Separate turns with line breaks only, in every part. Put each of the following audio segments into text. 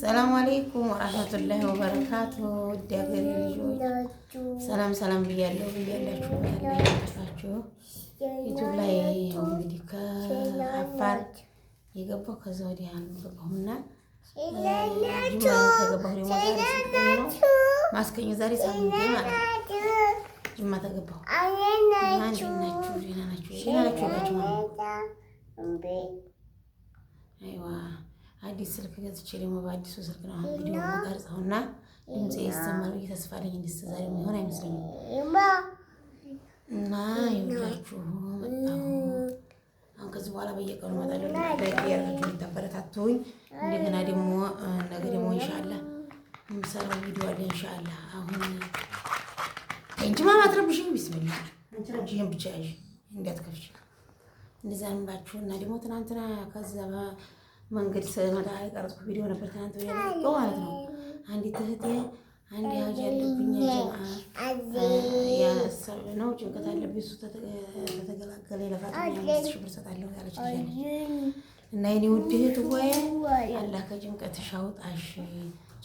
ሰላም አሌይኩም ወራህመቱላሂ ወበረካቱ። ውድ ሀገሬ ልጆች ሰላም ሰላም ብያለሁ ብያላችሁ ያላችኋችሁ ዩቱብ ላይ እንግዲህ ከአፋር የገባሁ ከዛ ወዲህ አልገባሁምና
ተገባሁ ደግሞ ነው
ማስከኙ ዛሬ ሳምንት ማለት ጅማ ተገባሁ።
እንዴት ናችሁ?
ደህና ናችሁ? ደህና ናችሁ? አዲስ ስልክ ገዝቼ ደግሞ በአዲሱ ስልክ ነው አሁን ቪዲዮ ቀርጸው እና ድምፅ ይሰማል ብዬ ተስፋ አለኝ። እንዲስ ዛሬ የሚሆን አይመስለኝም እና ይሁላችሁ መጣሁ። አሁን ከዚህ በኋላ በየቀኑ እመጣለሁ። ላይክ ያደርጋችሁ ልታበረታቱኝ። እንደገና ደግሞ ነገ ደግሞ እንሻላ የምሰራው ቪዲዮ አለ እንሻላ። አሁን እንጂ ማማ አትረብሽኝ። ቢስሚላ አንቺ ብቻ ያዥ እንዲያትከፍች እንደዛ እንባችሁ እና ደግሞ ትናንትና ከዛ መንገድ ስመጣ የቀረጽኩት ቪዲዮ ነበር ትናንት ያለው ማለት ነው። አንዲት እህቴ አንድ ያጅ ያለብኝ ያሰብ ነው ጭንቀት አለብኝ እሱ ተተገላገለ ለፋት ሺ ብር ሰጣለሁ ያለች እና የኔ ውድ እህት ወይ አላህ ከጭንቀትሽ አውጣሽ፣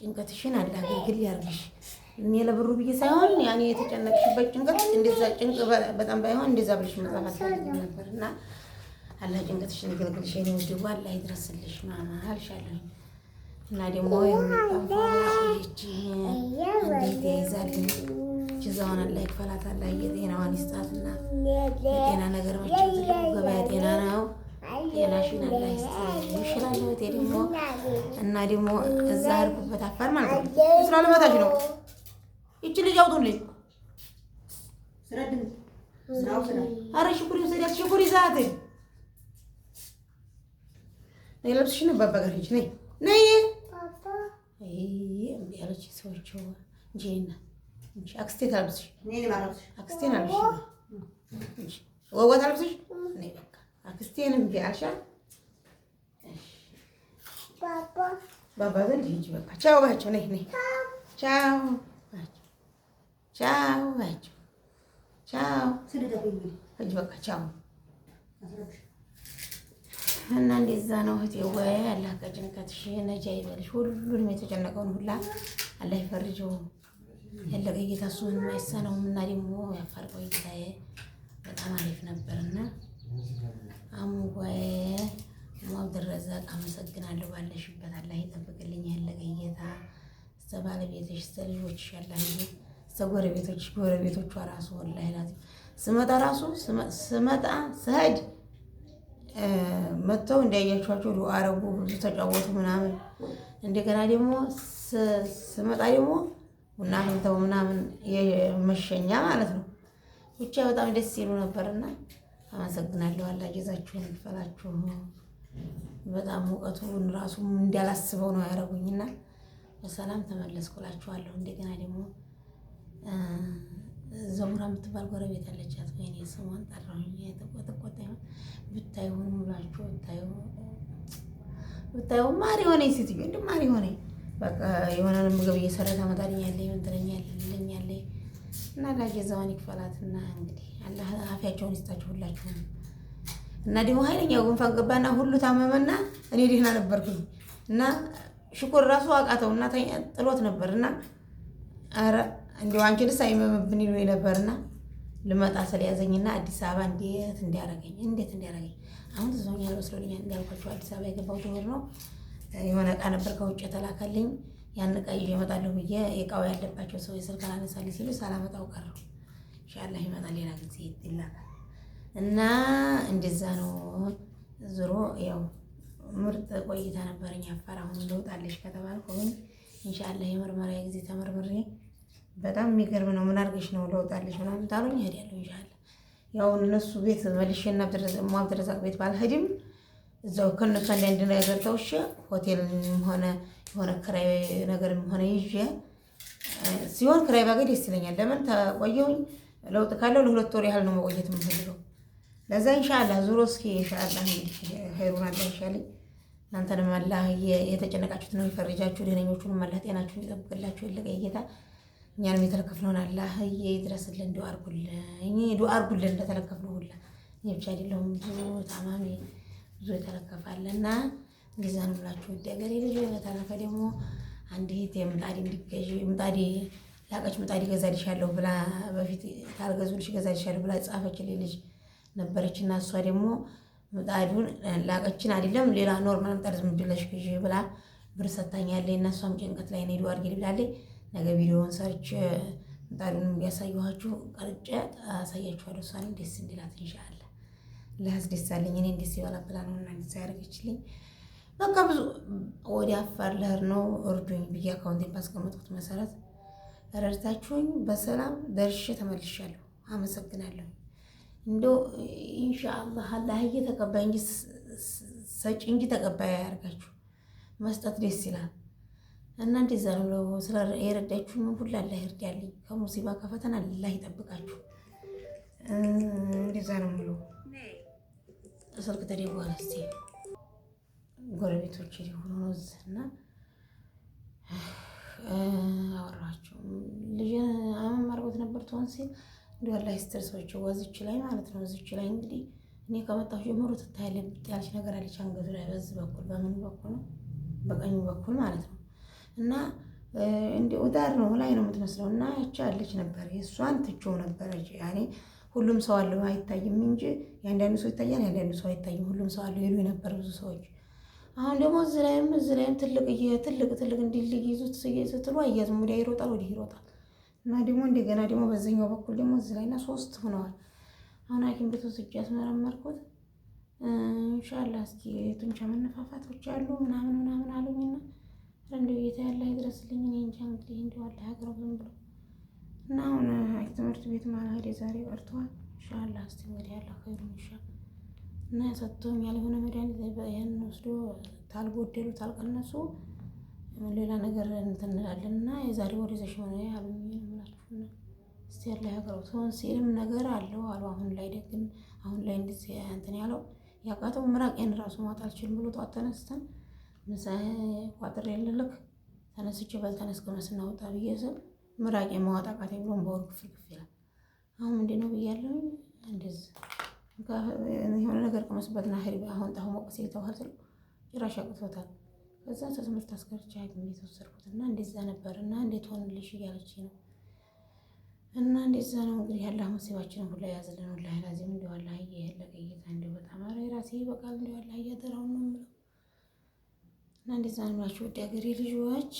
ጭንቀትሽን አላህ ግል ያርግሽ። እኔ ለብሩ ብዬ ሳይሆን ያኔ የተጨነቅሽበት ጭንቀት እንደዛ ጭንቅ በጣም ባይሆን እንደዛ ብልሽ መጽፋት ነበር እና አላህ ጭንቀትሽን ይገልግልሽ። የእኔ ወዲሁ አላህ ይድረስልሽ ማማ አልሻለሁ እና ደግሞ ይቺ እንዴት ይይዛልኝ ጅዛውን አላህ ይክፈላት፣ አላህ የጤናዋን ይስጣትና የጤና ነገር መቼም ትልቁ ገበያ ጤና ነው። ጤናሽን አላህ ይስጥልኝ እላለሁ። እቴ ደግሞ እና ደግሞ እዛ አድርጉበት ማለት ነው ስላለበታች ነው። ይቺ ልጅ አውጡልኝ ስረድን አረ ሽኩሪ ሰዳት ሽኩሪ ሰዓት ነይ ነው አባባ ጋር ሂጂ። ነይ ነይ እምቢ አለችኝ። ሰዎች እንጂ እና እንጂ አክስቴ ታልብስሽ አክስቴ ታልብስሽ ወዋ ታልብስሽ ነይ በቃ አክስቴን እምቢ አልሻል። ባባ ዘንድ ሂጂ በቃ ቻው ባያቸው። ነይ ነይ ቻው ቻው ባያቸው ቻው ሂጂ በቃ ቻው እና እንደዛ ነው እህቴ። ወይ አላህ ከጭንቀትሽ ነጃ ይበልሽ። ሁሉንም የተጨነቀውን ሁላ አላህ ይፈርጀው። ያለቀ ጌታ እሱን የማይሳነውም እና ደግሞ ያፋርቀው ይታየ በጣም አሪፍ ነበርና አሙ ወይ አሙ አብድረዛቅ አመሰግናለሁ። ባለሽበት አላህ ይጠብቅልኝ። ያለቀ ጌታ እስከ ባለቤትሽ እስከ ልጆችሽ ያላህ እስከ ጎረቤቶች ጎረቤቶቿ ራሱ ወላሂ ስመጣ ራሱ ስመጣ ስሄድ መጥተው እንዳያችኋቸው ዱአ አረጉ፣ ብዙ ተጫወቱ ምናምን። እንደገና ደግሞ ስመጣ ደግሞ ቡና አፍልተው ምናምን የመሸኛ ማለት ነው። ብቻ በጣም ደስ ይሉ ነበርና አመሰግናለሁ። አላ ጀዛችሁን በጣም ሙቀቱን ራሱ እንዳላስበው ነው ያደረጉኝና በሰላም ተመለስኩላችኋለሁ። እንደገና ደግሞ ዘቡራ የምትባል ጎረቤት አለቻት። ወይኔ ስሟን ጠራሁኝ። የተቆጠቆጠ ብታይሆን ሙላቸው ብታይሆ ብታይሆ ማሪ ሆነ ሴትዮ እንደ ማሪ ሆነ በቃ የሆነ ምግብ እየሰራ ታመጣልኛለ ይመንትለኛለ ይለኛለ እና ላጌዛዋን ይክፈላት እና እንግዲህ አላህ አፊያቸውን ይስጣችሁ ሁላችሁ። እና ደግሞ ኃይለኛ ጉንፋን ገባና ሁሉ ታመመና እኔ ደህና ነበርኩኝ እና ሽኩር ራሱ አቃተውና ጥሎት ነበር እና ኧረ እንዲሁ አንቺን ሳይመምብን ይሉ የነበርና ልመጣ ስለያዘኝና አዲስ አበባ እንዴት እንዲያረገኝ እንዴት እንዲያረገኝ አሁን ትዞኛል መስሎኛል። እንዳልኳቸው አዲስ አበባ የገባሁት እሑድ ነው። የሆነ እቃ ነበር ከውጭ የተላከልኝ ያን እቃ ይዤ እመጣለሁ ብዬ እቃው ያለባቸው ሰው የስልክ አላነሳልኝ ሲሉ ሳላመጣው ቀረሁ። ኢንሻላህ ይመጣል ሌላ ጊዜ ይላካል እና እንደዛ ነው። ዝሮ ያው ምርጥ ቆይታ ነበረኝ። አፋር አሁን ልውጣለሽ ከተባልኩ ግን ኢንሻላህ የምርመራ ጊዜ ተመርምሬ በጣም የሚገርም ነው። ምን አድርገሽ ነው ለወጣልሽ ምናምን ታሉኝ። እሄዳለሁ ይሻል ያው እነሱ ቤት መልሼና አብደረዛቅ ቤት ባልሄድም እዛው ከእነሱ አንዳንድ ነገር ተውሼ ሆቴልም ሆነ የሆነ ክራይ ነገርም ሆነ ይዤ ሲሆን ክራይ ባገኝ ደስ ይለኛል። ለምን ተቆየሁኝ ለውጥ ካለው ለሁለት ወር ያህል ነው መቆየት የምፈልገው። ለዛ እንሻላ ዙሮ እስኪ ኢንሻአላ ሄሩን አለ አላህ ይሻለኝ። እናንተንም አላህ የተጨነቃችሁት ነው ይፈርጃችሁ፣ ደህነኞቹንም አላህ ጤናችሁን ይጠብቅላችሁ። የለቀ ጌታ እኛንም የተለከፍነውን አላህ ይድረስልን። ዱዓ አድርጉልን፣ ዱዓ አድርጉልን እንደተለከፍነው ሁላ እኔ ብቻ አይደለሁም፣ ብዙ ታማሚ ብዙ የተለከፋለ እና እንደዛ ነው ብላችሁ ውድ ሀገሬ ልጅ። በተረፈ ደግሞ አንዲት የምጣድ እንዲገዥ ምጣድ ላቀች ምጣድ ይገዛልሻለሁ ብላ በፊት ታርገዙልሽ ይገዛልሻለሁ ብላ ጻፈችልኝ ልጅ ነበረች እና እሷ ደግሞ ምጣዱን ላቀችን አይደለም ሌላ ኖርማል ምጣድ ዝም ብለሽ ግዢ ብላ ብር ሰታኛለች። እና እሷም ጭንቀት ላይ ነው ሄዱ አድርጌ ብላለች ነገ ቪዲዮውን ሰርች ምጣዱንም እያሳየኋችሁ ቀርጬ አሳያችኋለሁ። እሷን ደስ እንዲላት እንሻለ ደስ አለኝ እኔ ደስ ይበላብላ ነው እና ደስ ያደርግችልኝ። በቃ ብዙ ወደ አፋር ልሄድ ነው እርዱኝ ብዬ አካውንቴን ባስቀመጥኩት መሰረት ረድታችሁኝ በሰላም ደርሼ ተመልሻለሁ። አመሰግናለሁ። እንዶ ኢንሻአላህ አላህዬ ተቀባይ እንጂ ሰጪ እንጂ ተቀባይ አያርጋችሁ። መስጠት ደስ ይላል። እና እንደዛ ነው። የረዳችሁ ምን ሁሉ አላህ ይርዳልኝ፣ ከሙሲባ ከፈተና አላህ ይጠብቃችሁ። እንደዛ ነው የምለው። ስልክ ተደወለ። እስኪ ጎረቤቶች ሊሆኑ ነው እና አወራኋቸው። ልጅ አመም አድርጎት ነበር ትሆን ሲል እንዲሁ አላህ ይስጥር። ሰዎች ወዝች ላይ ማለት ነው ወዝች ላይ እንግዲህ እኔ ከመጣሁ ጀምሮ ትታያለች ያለች ነገር አለች። አንገቱ ላይ በዚህ በኩል በምን በኩል ነው በቀኙ በኩል ማለት ነው እና እንደ ኡዳር ነው ላይ ነው የምትመስለው። እና እቺ አለች ነበር የእሷን ትቼው ነበረ ያኔ። ሁሉም ሰው አለው አይታይም እንጂ የአንዳንዱ ሰው ይታያል፣ የአንዳንዱ ሰው አይታይም። ሁሉም ሰው አለው ይሉ ነበር ብዙ ሰዎች። አሁን ደግሞ እዚ ላይም እዚ ላይም ትልቅ ትልቅ ትልቅ እንዲልግ ይዙት ስትሉ አያዝም፣ ወዲያ ይሮጣል፣ ወዲህ ይሮጣል። እና ደግሞ እንደገና ደግሞ በዚኛው በኩል ደግሞ እዚህ ላይና ሶስት ሆነዋል። አሁን ሐኪም ቤት ወስጄ ያስመረመርኩት እንሻላ እስኪ ጡንቻ መነፋፋቶች አሉ ምናምን ምናምን አሉኝና እንደው ጌታ ያለ ይድረስልኝ። እኔ እንጃ እንግዲህ እንደው አለ ሀገር ዝም ብሎ እና አሁን አይ ትምህርት ቤት ማልሄድ የዛሬ ቀርተዋል። ኢንሻአላ እስቲ እንግዲህ ያለ ኸይሩ ይሻል እና ሰጥቶኛል የሆነ መድኃኒት ይህን ወስዶ ታልጎደሉ ታልቀነሱ ሌላ ነገር እንትን እንላለን እና የዛሬ ወር ይዘሽ ሆነ አሉኝ ምላችሁ እስቲ ያለ ሀገር ሆን ሲልም ነገር አለው አሉ አሁን ላይ ደግን አሁን ላይ እንደዚህ እንትን ያለው ያቃተው ምራቅ ያን ራሱ ማጣት አልችልም ብሎ ጠዋት ተነስተን ምሳ ቋጥሬ ልልክ ተነስቼ ባልተነስ ከመስ እናወጣ ብዬ ስል ምራቄ ማወጣ ቃቴ ብሎን በወር ክፍል ክፍ ይላል። አሁን ምንድን ነው ብያለሁ። እንደዚህ የሆነ ነገር ቅመስበት ና ሄድ አሁን ጣሁ ሞቅስ የተዋል ስል ጭራሽ ያቅቶታል። ከዛ ተትምህርት አስገርቼ ሐኪም ቤት እና እንደዛ ነበር እና እንዴት ሆንልሽ እያለች ነው እና እንደዛ ነው እንግዲህ ያለ መሲባችንን ሁላ ያዝልን። ወላሂ ላዚም እንዲዋላ እየለቀይታ እንዲ በጣም ራሴ በቃል እንዲዋላ እያደራው ነው እና እንደዛ ኑራችሁ ወደ ሀገሬ ልጆች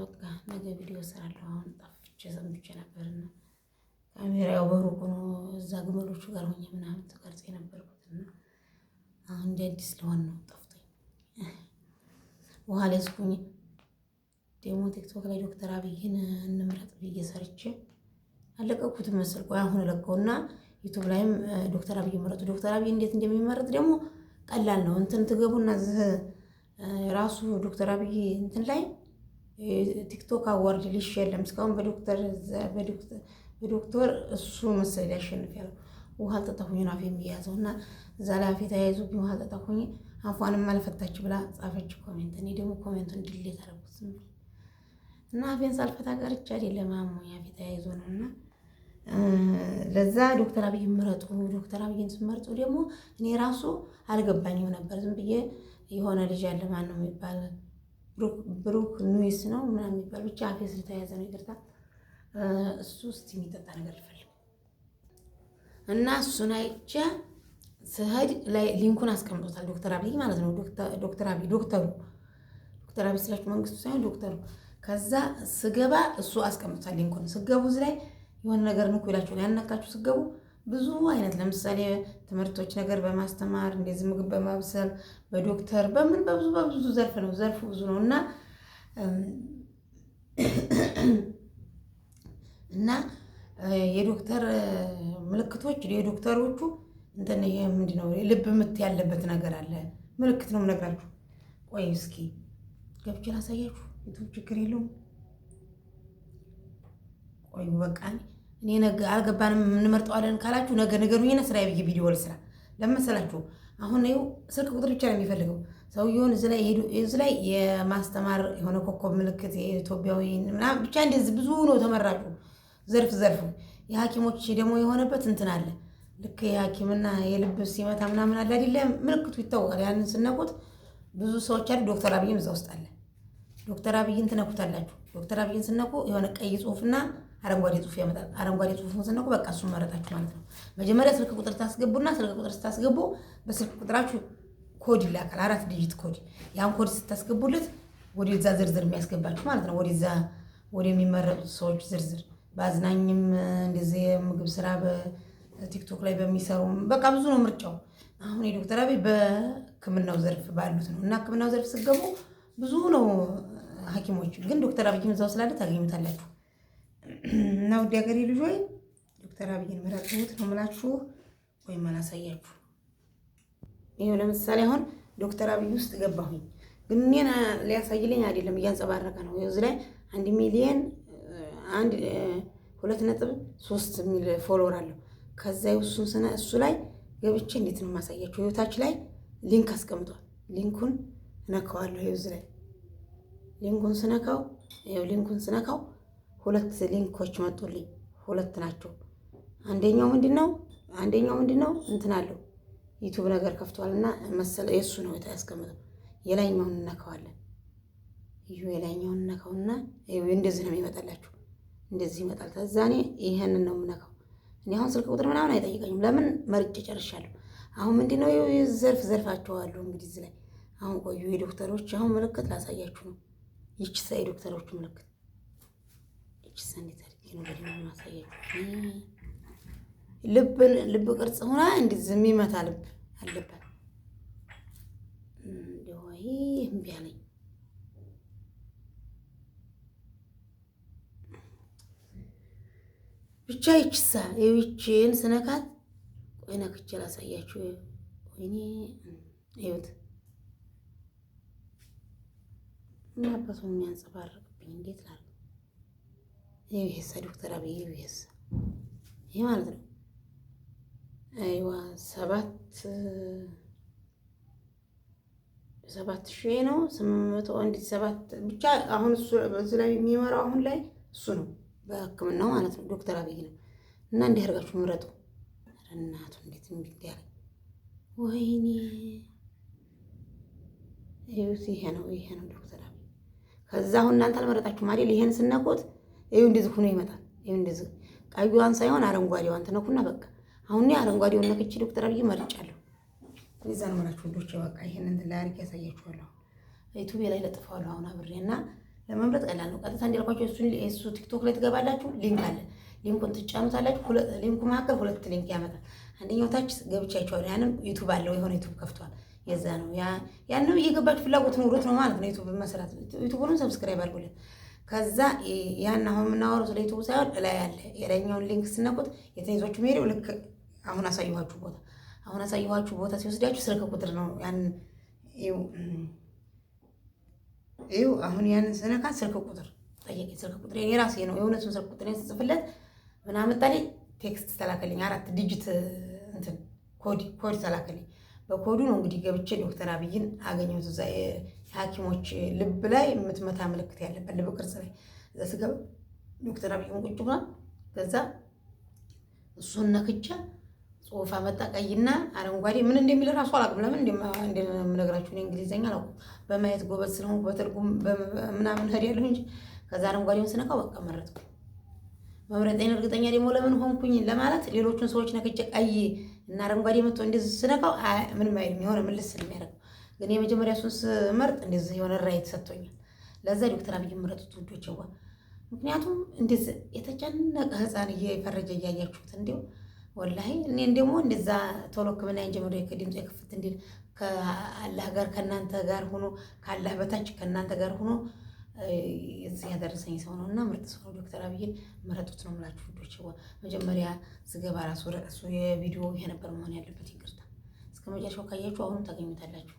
በቃ ነገ ቪዲዮ ሰራለሁ። አሁን ጠፍቼ ሰምቼ ነበር እና ካሜራው በሩቁ ነው። እዛ ግመሎቹ ጋር ሆኜ ምናምን ተቀርጽ የነበርኩት እና አሁን እንደ አዲስ ለሆን ነው ጠፍቶኝ። ውሃ ላይ ስኩኝ ደግሞ ቲክቶክ ላይ ዶክተር አብይን እንምረጥ ብዬ ሰርቼ አለቀኩት መስል ቆይ አሁን ለቀውና ዩቱብ ላይም ዶክተር አብይ መረጡ። ዶክተር አብይ እንዴት እንደሚመረጥ ደግሞ ቀላል ነው። እንትን ትገቡና ራሱ ዶክተር አብይ እንትን ላይ ቲክቶክ አዋርድ የለም እስካሁን በዶክተር እሱ መሰለኝ ያሸንፍ ያለው ውሃ አልጠጣሁኝ አፌ የሚያዘው እና እዛ ላይ አፌ ተያይዞ ውሃ አልጠጣሁኝ አፏንም አልፈታች ብላ ጻፈች ኮሜንት። እኔ ደግሞ ኮሜንቱን ድሌት አደረኩት እና አፌን ሳልፈታ ቀርቻ አይደለም አሞኝ አፌ ተያይዞ ነው እና ለዛ ዶክተር አብይ ምረጡ። ዶክተር አብይን ስመርጡ ደግሞ እኔ ራሱ አልገባኝም ነበር። ዝም ብዬ የሆነ ልጅ ያለ ማን ነው የሚባል ብሩክ ኑይስ ነው ምናምን የሚባል ብቻ አፌ ስለተያዘ ነው ይቅርታ። እሱ እስቲ የሚጠጣ ነገር ልፈልግ እና እሱን አይቼ ስሄድ ላይ ሊንኩን አስቀምጦታል ዶክተር አብይ ማለት ነው። ዶክተር አብይ ዶክተሩ ዶክተር አብይ ስላችሁ መንግስቱ ሳይሆን ዶክተሩ። ከዛ ስገባ እሱ አስቀምጦታል ሊንኩን ስገቡ ስገቡዝ ላይ የሆነ ነገር ንኩ ይላችኋል። ያነካችሁ ስገቡ ብዙ አይነት ለምሳሌ ትምህርቶች ነገር በማስተማር እንደዚህ ምግብ በማብሰል በዶክተር በምን በብዙ በብዙ ዘርፍ ነው ዘርፉ ብዙ ነው እና እና የዶክተር ምልክቶች የዶክተሮቹ እንትን ይሄ ምንድን ነው? ልብ ምት ያለበት ነገር አለ። ምልክት ነው የምነግራችሁ። ቆይ እስኪ ገብቼ ላሳያችሁ። ችግር የለውም። ቆይ በቃ እኔ ነገ አልገባንም እንመርጠዋለን ካላችሁ ነገ ነገሩኝና ስራ ብዬ ቪዲዮ ልስራ ለመሰላችሁ። አሁን ይኸው ስልክ ቁጥር ብቻ ነው የሚፈልገው ሰውየውን እዚ ላይ የማስተማር የሆነ ኮከብ ምልክት የኢትዮጵያዊ ምናምን ብቻ እንደዚህ ብዙ ነው ተመራጩ ዘርፍ ዘርፉ። የሐኪሞች ደግሞ የሆነበት እንትን አለ ልክ የሐኪምና የልብ ሲመታ ምናምን አለ አይደለ? ምልክቱ ይታወቃል። ያንን ስነቁት ብዙ ሰዎች አሉ። ዶክተር አብይም እዛ ውስጥ አለ። ዶክተር አብይን ትነኩታላችሁ። ዶክተር አብይን ስነቁ የሆነ ቀይ ጽሁፍና አረንጓዴ ጽሁፍ ያመጣል። አረንጓዴ ጽሁፍ ስነኩ በቃ እሱን መረጣችሁ ማለት ነው። መጀመሪያ ስልክ ቁጥር ታስገቡና ስልክ ቁጥር ስታስገቡ በስልክ ቁጥራችሁ ኮድ ይላካል፣ አራት ዲጂት ኮድ። ያን ኮድ ስታስገቡለት ወደዛ ዝርዝር የሚያስገባችሁ ማለት ነው። ወደዛ ወደሚመረጡት ሰዎች ዝርዝር በአዝናኝም እንደዚህ የምግብ ስራ በቲክቶክ ላይ በሚሰሩ በቃ ብዙ ነው ምርጫው። አሁን የዶክተር አብይ በህክምናው ዘርፍ ባሉት ነው እና ህክምናው ዘርፍ ስገቡ ብዙ ነው ሐኪሞች ግን ዶክተር አብይ ምዛው ስላለ ታገኙታላችሁ። እና ውድ ሀገሬ ልጆች ዶክተር አብይን ምረጡት ነው የምላችሁ፣ ወይም አላሳያችሁ። ይኸው ለምሳሌ አሁን ዶክተር አብይ ውስጥ ገባሁኝ፣ ግን እኔን ሊያሳይልኝ አይደለም፣ እያንጸባረቀ ነው። እዚህ ላይ አንድ ሚሊየን አንድ ሁለት ነጥብ ሶስት የሚል ፎሎወር አለው። ከዛ እሱ ላይ ገብቼ እንዴት ነው የማሳያችሁ? ህይወታች ላይ ሊንክ አስቀምጧል። ሊንኩን እነካዋለሁ። ይኸው እዚህ ላይ ሊንኩን ስነካው፣ ይኸው ሊንኩን ስነካው ሁለት ሊንኮች መጡልኝ። ሁለት ናቸው። አንደኛው ምንድን ነው? አንደኛው ምንድን ነው? እንትን አለው ዩቱብ ነገር ከፍቷል እና መሰለ የእሱ ነው ያስቀምጠው። የላይኛውን እነካዋለን። እዩ የላይኛውን እነካውና እንደዚህ ነው የሚመጣላችሁ። እንደዚህ ይመጣል። ከዛ እኔ ይህንን ነው የምነካው። እኔ አሁን ስልክ ቁጥር ምናምን አይጠይቀኝም። ለምን መርጬ ጨርሻለሁ። አሁን ምንድን ነው ዘርፍ ዘርፋቸዋሉ። እንግዲህ እዚህ ላይ አሁን ቆዩ። የዶክተሮች አሁን ምልክት ላሳያችሁ ነው። ይች የዶክተሮች ምልክት ኪስ ልብን ልብ ቅርጽ ሆና እንዴት ዝም ይመታ ልብ አለበት ወይ እምቢ አለኝ። ብቻ ይችሳ ይችን ስነካት ቆይ ነክቼ ላሳያችሁ። ወይኔ ይሁት እና የሚያንጸባርቅብኝ እንዴት ላል የቤሳ ዶክተር አብይ የቤሳ ይህ ማለት ነው። አይዋ ሰባት ሰባት ሺህ ነው ስምንት መቶ አንድ ሰባት ብቻ አሁን እሱ በዚህ ላይ የሚመራው አሁን ላይ እሱ ነው በህክምናው ማለት ነው ዶክተር አብይ ነው። እና እንዲህ አድርጋችሁ ምረጡ። እናቱ እንዴት እንዴት ያለ ወይኔ ይሄ ነው ይሄ ነው ዶክተር አብይ። ከዛ አሁን እናንተ አልመረጣችሁም አይደል? ይሄን ስነቁት ይሄው እንደዚህ ሆኖ ይመጣል። ይሄው እንደዚህ ቀዩዋን ሳይሆን አረንጓዴዋን ትነኩና በቃ አሁን አረንጓዴውን ነክቼ ዶክተር አብይ መርጫለሁ። እዛ ነው የምላችሁ ወንዶች። በቃ ይሄን እንትን ላይ አድርጌ ያሳያችኋለሁ። ዩቲዩብ ላይ ለጥፈዋለሁ አሁን አብሬና እና ለመምረጥ ቀላል ነው። ቀጥታ እንዲልኳቸው እሱ ቲክቶክ ላይ ትገባላችሁ። ሊንክ አለ። ሊንኩን ትጫኑታላችሁ። ሊንኩ መካከል ሁለት ሊንክ ያመጣል። አንደኛው ታች ገብቻችኋለሁ። ያንም ዩቱብ አለው የሆነ ዩቱብ ከፍቷል። የዛ ነው ያንም እየገባችሁ ፍላጎት ኖሮት ነው ማለት ነው ዩቱብ መስራት። ዩቱቡንም ሰብስክራይብ አድርጉለት። ከዛ ያን አሁን የምናወራው ስለ ዩቱብ ሳይሆን እላይ ያለ የላይኛውን ሊንክ ስነቁት የትኔቶቹ ሄደው ልክ አሁን አሳየኋችሁ ቦታ አሁን አሳየኋችሁ ቦታ ሲወስዳችሁ ስልክ ቁጥር ነው ያን ይው አሁን ያንን ስነካ ስልክ ቁጥር ጠየቀ። ስልክ ቁጥር የኔ ራሴ ነው የእውነቱን ስልክ ቁጥር ስጽፍለት ምን አመጣልኝ? ቴክስት ተላከልኝ። አራት ዲጂት እንትን ኮድ ተላከልኝ። በኮዱ ነው እንግዲህ ገብቼ ዶክተር አብይን አገኘሁት እዛ ሐኪሞች ልብ ላይ የምትመታ ምልክት ያለበት ልብ ቅርጽ ላይ እዛ ስገባ ዶክተር አብይ ቁጭ ብሏል። ከዛ እሱን ነክቻ ጽሁፍ አመጣ። ቀይና አረንጓዴ ምን እንደሚል ራሱ አላውቅም። ለምን እንደምነግራችሁ እንግሊዝኛ አላውቅም። በማየት ጎበዝ ስለሆንኩ በትርጉም ምናምን ሄድ ያለሁ እንጂ ከዛ አረንጓዴውን ስነካው በቃ መረጥኩ። መምረጤን እርግጠኛ ደግሞ ለምን ሆንኩኝ ለማለት ሌሎቹን ሰዎች ነክቼ ቀይ እና አረንጓዴ መጥቶ እንደዚህ ስነካው ምንም አይልም። የሆነ ምልስ ስለሚያደርግ ግን የመጀመሪያ ሱስ መርጥ እንደዚህ የሆነ ራይት ሰጥቶኛል። ለዛ ዶክተር አብይ ምረጡት ልጆች ዋ ምክንያቱም እንደዚ የተጨነቀ ህፃን እየፈረጀ እያያችሁት እንዲሁ ወላሂ እኔ ደግሞ እንደዛ ቶሎ ሕክምና እንጀምሮ ከድምፅ ክፍት እንዲል ከአላህ ጋር ከእናንተ ጋር ሆኖ ከአላህ በታች ከእናንተ ጋር ሆኖ እዚህ ያደረሰኝ ሰው ነው እና ምርጥ ሰው ዶክተር አብይን መረጡት ነው የምላችሁ ዋ መጀመሪያ ስገባ ራሱ ርዕሱ የቪዲዮ የነበር መሆን ያለበት ይቅርታ። እስከ መጨረሻው ካያችሁ አሁንም ታገኙታላችሁ።